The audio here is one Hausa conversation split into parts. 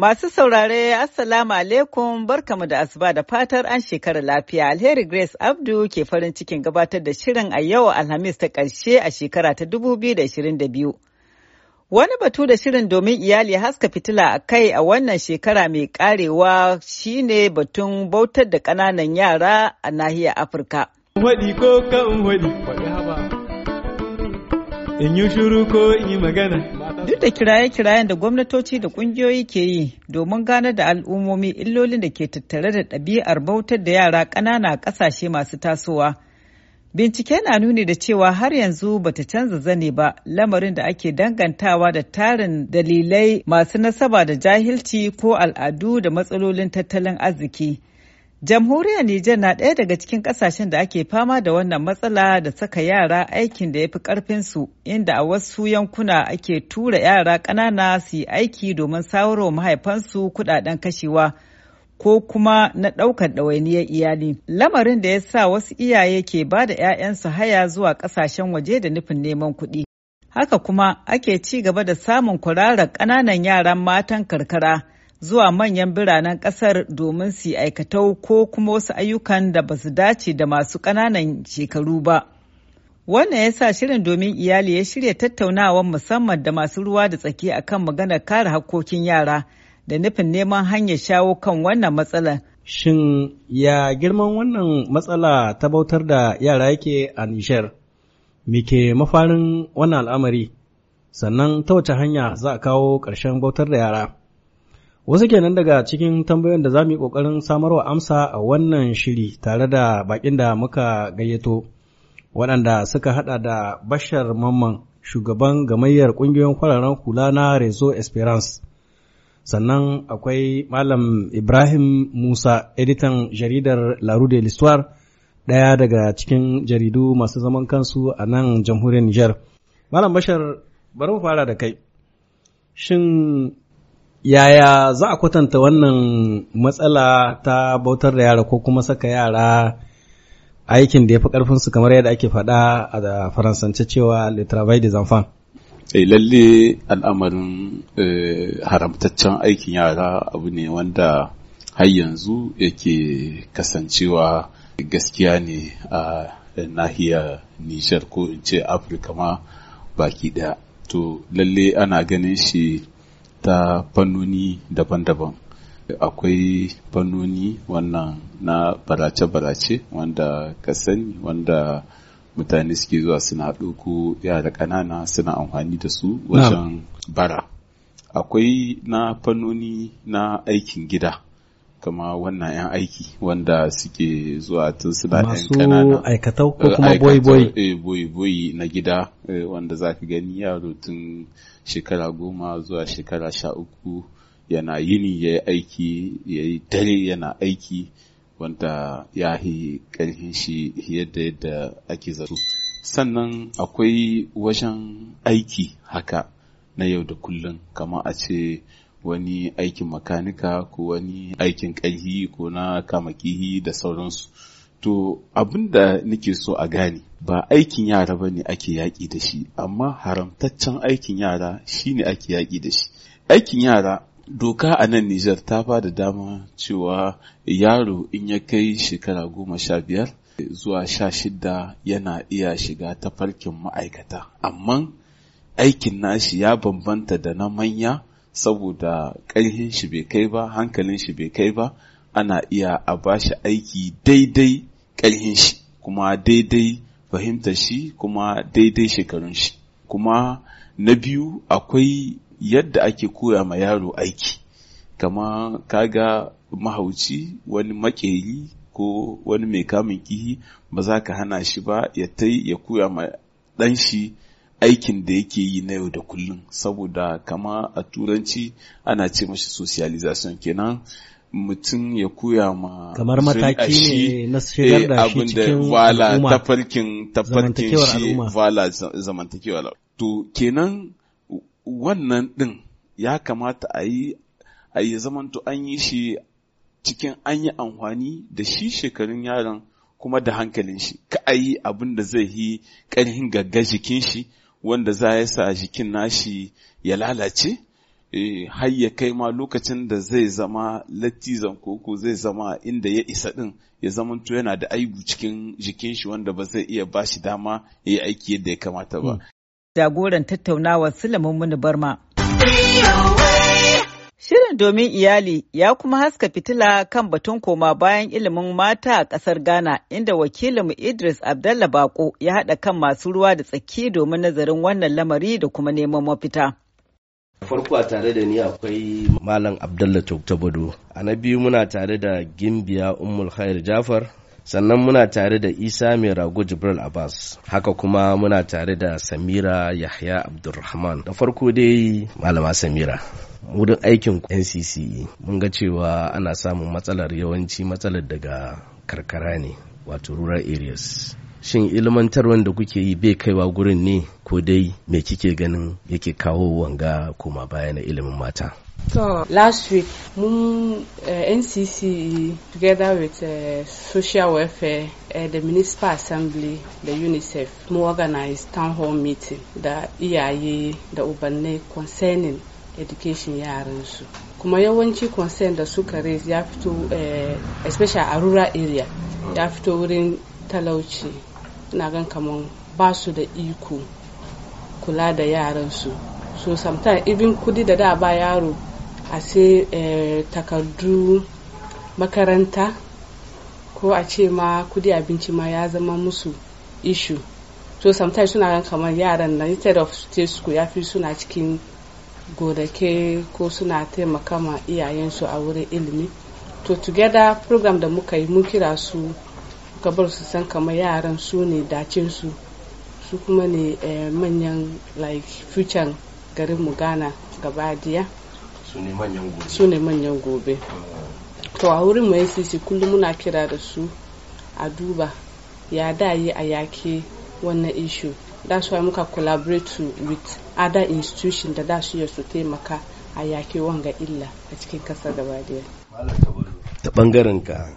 Masu saurare, Assalamu alaikum barkamu da asuba da fatar an shekara lafiya. Alheri Grace Abdu ke farin cikin gabatar da shirin a yau Alhamis ta ƙarshe a shekara ta 2022. Wani batu da shirin domin iyali haska fitila a kai a wannan shekara mai karewa shine batun bautar da ƙananan yara a nahiyar Afirka. in yi shuru ko magana. Duk da kiraye-kirayen da gwamnatoci da kungiyoyi ke yi domin gane da al'ummomi illolin da ke tattare da ɗabi'ar bautar da yara ƙanana a ƙasashe masu tasowa. Bincike na nuni da cewa har yanzu bata canza zane ba lamarin da ake dangantawa da tarin dalilai masu nasaba da jahilci ko al'adu da matsalolin tattalin arziki. Jamhuriyar Nijar na ɗaya daga cikin ƙasashen da ake fama da wannan matsala da saka yara aikin da ya fi ƙarfinsu, inda a wasu yankuna ake tura yara ƙanana su yi aiki domin sauro mahaifansu kuɗaɗen kashewa ko kuma na ɗaukar ɗawainiyar iyali. Lamarin da ya sa wasu iyaye ke ba da 'ya'yansu haya zuwa ƙasashen waje da nufin neman kuɗi. Haka kuma ake ci gaba da samun kwararar ƙananan yaran matan karkara. zuwa manyan biranen kasar domin su aikatau ko kuma wasu ayyukan da ba su dace da masu ƙananan shekaru ba. Wannan ya sa shirin domin iyali ya shirya tattaunawa musamman da masu ruwa da tsaki akan maganar kare hakkokin yara da nufin neman hanyar shawo kan wannan matsalar. Shin ya girman wannan matsala ta bautar da yara yake a Nishar? ke mafarin wannan al'amari, sannan ta wace hanya za a kawo ƙarshen bautar da yara? Wasu kenan daga cikin tambayoyin da za mu yi ƙoƙarin samarwa amsa a wannan shiri tare da baƙin da muka gayyato, waɗanda suka haɗa da Bashar Mamman, shugaban gamayyar ƙungiyoyin kwararren hula na Rezo Esperance. Sannan akwai Malam Ibrahim Musa, editan jaridar Larude L'Histoire, ɗaya daga cikin jaridu masu zaman kansu a nan jamhuriyar Nijar. Malam Bashar, bari mu fara da kai. Shin yaya za a kwatanta wannan matsala ta bautar da yara ko kuma saka yara aikin da ya fi ƙarfinsu kamar yadda ake faɗa a faransance cewa le travail des enfants eh lalle al'amarin eh, haramtaccen aikin yara abu ne wanda har yanzu yake kasancewa gaskiya ne a nahiyar nishar ko in ce afirka ma baki ɗaya to lalle ana ganin shi ta fannoni daban-daban akwai fannoni wannan na barace-barace wanda ka sani wanda mutane suke zuwa suna ɗauko yara ƙanana suna amfani da su wajen bara akwai na fannoni na aikin gida kama wannan 'yan aiki wanda suke zuwa tun suna ɗan kanana masu aikatau ko eh, kuma boyi eh, boyi na gida eh, wanda za ka gani yaro tun shekara goma zuwa shekara sha uku yana yini ya yi aiki ya yi dare yana aiki wanda ya yi ƙarfin shi yadda yadda ake zato sannan akwai wajen aiki haka na yau da kullum kama a ce wani aikin makanika ko wani aikin ƙarhi ko na kamakihi da sauransu to abinda da nake so a gane ba aikin yara ba ne ake yaƙi da shi amma haramtaccen aikin yara shi shine ake yaƙi da shi aikin yara doka a nan Nijar ta ba da dama cewa yaro in ya kai shekara goma sha biyar zuwa sha shida yana iya shiga tafarkin ma'aikata amma aikin nashi ya bambanta da na manya saboda ƙarhin shi bai kai ba hankalin shi bai kai ba ana iya a ba shi aiki daidai ƙarhin shi kuma daidai fahimtar shi kuma daidai shekarun shi kuma na biyu akwai yadda ake koya ma yaro aiki kama kaga mahauci wani makeri ko wani mai kamun kihi ba za ka hana shi ba ya tai ya koya ma ɗan shi aikin da yake yi na yau da kullum saboda kama a turanci ana ce mashi socialization kenan mutum ya koya ma kamar mataki ne na shigar da eh, shi cikin wala tafarkin tafarkin shi wala zamantakewar to kenan wannan din ya kamata a yi a yi zamanto an yi shi cikin an yi amfani da shi shekarun yaron kuma da hankalin shi ka a yi abin da zai yi ƙarhin gagga jikin shi wanda za ya sa jikin nashi ya lalace eh, har ya kai ma lokacin da zai zama latizan koko zai zama inda ya isa din ya zama to yana da aibu cikin jikin shi wanda ba zai iya ba shi dama ya yi aiki yadda ya kamata ba. Jagoran tattaunawar Sulaiman Muni Barma. Shirin domin iyali ya kuma haska fitila kan batun koma bayan ilimin mata a ƙasar Ghana inda wakilinmu Idris Abdalla Bako ya haɗa kan masu ruwa da tsaki domin nazarin wannan lamari da kuma neman mafita. Farko a tare da ni akwai Malam Abdalla Toktabado. A na biyu muna tare da Gimbiya Ummul Khair Jafar sannan muna tare da isa mai rago jibril abbas haka kuma muna tare da samira yahya abdulrahman da farko dai malama samira wurin aikin NCC, mun ga cewa ana samun matsalar yawanci matsalar daga karkara ne wato rural areas shin ilmantarwar da kuke yi bai kaiwa gurin ne ko dai me kike ganin yake kawo wanga koma baya na ilimin mata So last week, mun uh, eh, NCC together with uh, social welfare, uh, the municipal assembly, the UNICEF, we organize town hall meeting da iyaye da urban concerning education yaransu. Kuma yawanci concern da suka raise ya fito, eh, especially a rural area, ya fito wurin talauci. na gan kaman ba su da iko kula da yaransu. So sometimes even kudi da da ba yaro a ce eh, takardu makaranta ko a ce ma kudi abinci ma ya zama musu ishu to sometimes suna kamar yaran na instead of state school ya fi suna cikin gonake ko suna taimaka ma iyayensu a wurin ilimi to together program da muka yi mun kira su gabar su san kamar yaran su ne dacin su su kuma ne eh, manyan like future garin mu gana gaba diya su ne manyan gobe to a wurin mu sisi kullum muna kira da su a duba ya da yi a yake wannan issue that's why muka collaborate with other institution da da su ya su taimaka a yake wanga illa a cikin kasa gaba daya ta bangaren ka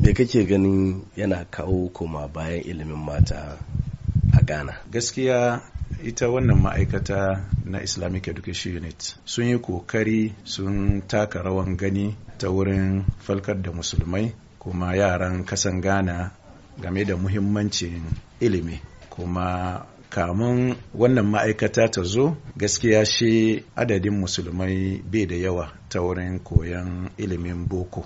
me kake ganin yana kawo koma bayan ilimin mata a ghana gaskiya ita wannan ma'aikata na islamic education unit sun yi kokari sun taka rawan gani ta wurin falkar da musulmai kuma yaran kasan ghana game da muhimmancin ilimi kuma kamun wannan ma'aikata ta zo gaskiya shi adadin musulmai bai da yawa ta wurin koyon ilimin boko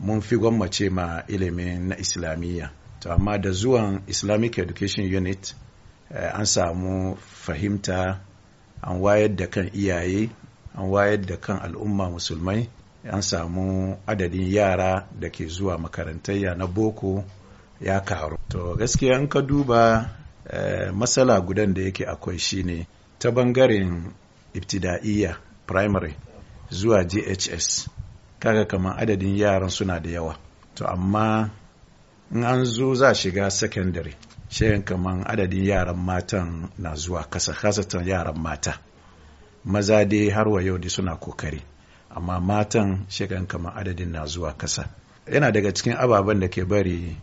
mun fi gwammace ma ilimin na islamiyya to amma da zuwan islamic education unit Eh, an samu fahimta an wayar da kan iyaye an wayar da kan al'umma musulmai an samu adadin yara da ke zuwa makarantayya na boko ya karu to gaskiya an ka duba eh, matsala gudan da yake akwai shine ta bangaren ibtida'iyya primary zuwa jhs kaga kamar adadin yaran suna da yawa to amma in an zo za shiga secondary shayin kaman adadin yaran matan na zuwa kasa kasatan yaran mata maza dai har wa yau suna kokari amma matan shayin kaman adadin na zuwa kasa yana daga cikin ababen da ke bari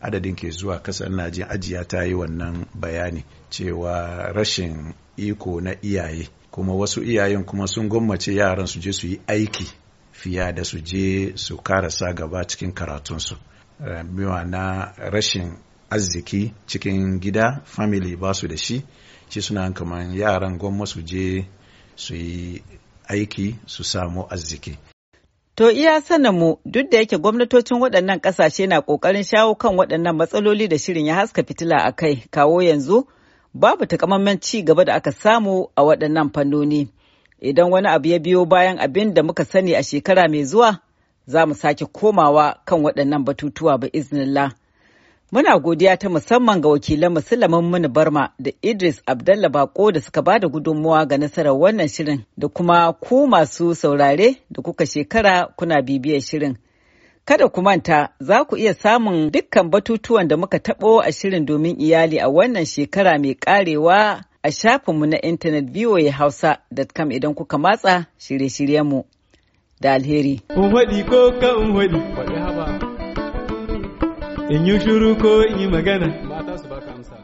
adadin ke zuwa kasa na jin ajiya ta yi wannan bayani cewa rashin iko na iyaye kuma wasu iyayen kuma sun gwammace yaran su je su yi aiki fiya da su je su karasa gaba cikin karatunsu uh, eh, na rashin arziki cikin gida family ba su da shi shi suna kamar yaran gwamma su je su yi aiki su samu arziki To iya mu duk da yake gwamnatocin waɗannan ƙasashe na ƙoƙarin shawo kan waɗannan matsaloli da shirin ya haska fitila a kai kawo yanzu babu takamaiman ci gaba da aka samu a waɗannan fannoni. Idan wani abu ya biyo bayan abin da muka sani a shekara mai zuwa, za mu sake komawa kan waɗannan batutuwa ba iznillah. Muna godiya ta musamman ga wakilan Musulman Muni Barma da Idris Abdallah Bako da suka bada gudunmuwa ga nasarar wannan shirin da kuma ku masu saurare da kuka shekara kuna bibiyar shirin. Kada ku manta za ku iya samun dukkan batutuwan da muka taɓo a shirin domin iyali a wannan shekara mai karewa a shafinmu na intanet voahausa.com idan kuka matsa shirye-shiryenmu da alheri. in yi shuru ko in yi magana mata su baka amsa